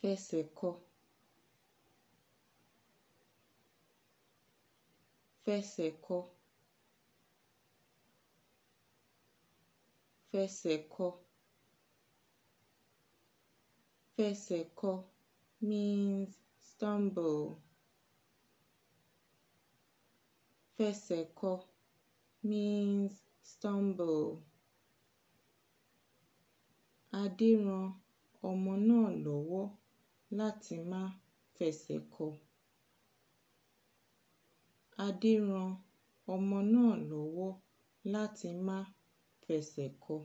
Fẹsẹ̀ kọ fẹsẹ̀ kọ fẹsẹ̀ kọ fẹsẹ̀ kọ means stumble fẹsẹ̀ kọ means stumble Adé ran ọmọ náà lọ́wọ́ láti má fẹsẹ̀ kọ. Adé ran ọmọ náà lọ́wọ́ láti má fẹsẹ̀ kọ.